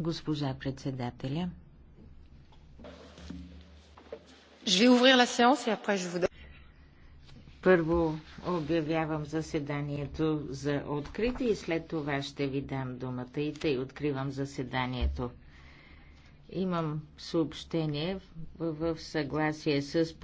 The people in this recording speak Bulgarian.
Госпожа председателя. Първо обявявам заседанието за открито и след това ще ви дам думата и тъй откривам заседанието. Имам съобщение в съгласие с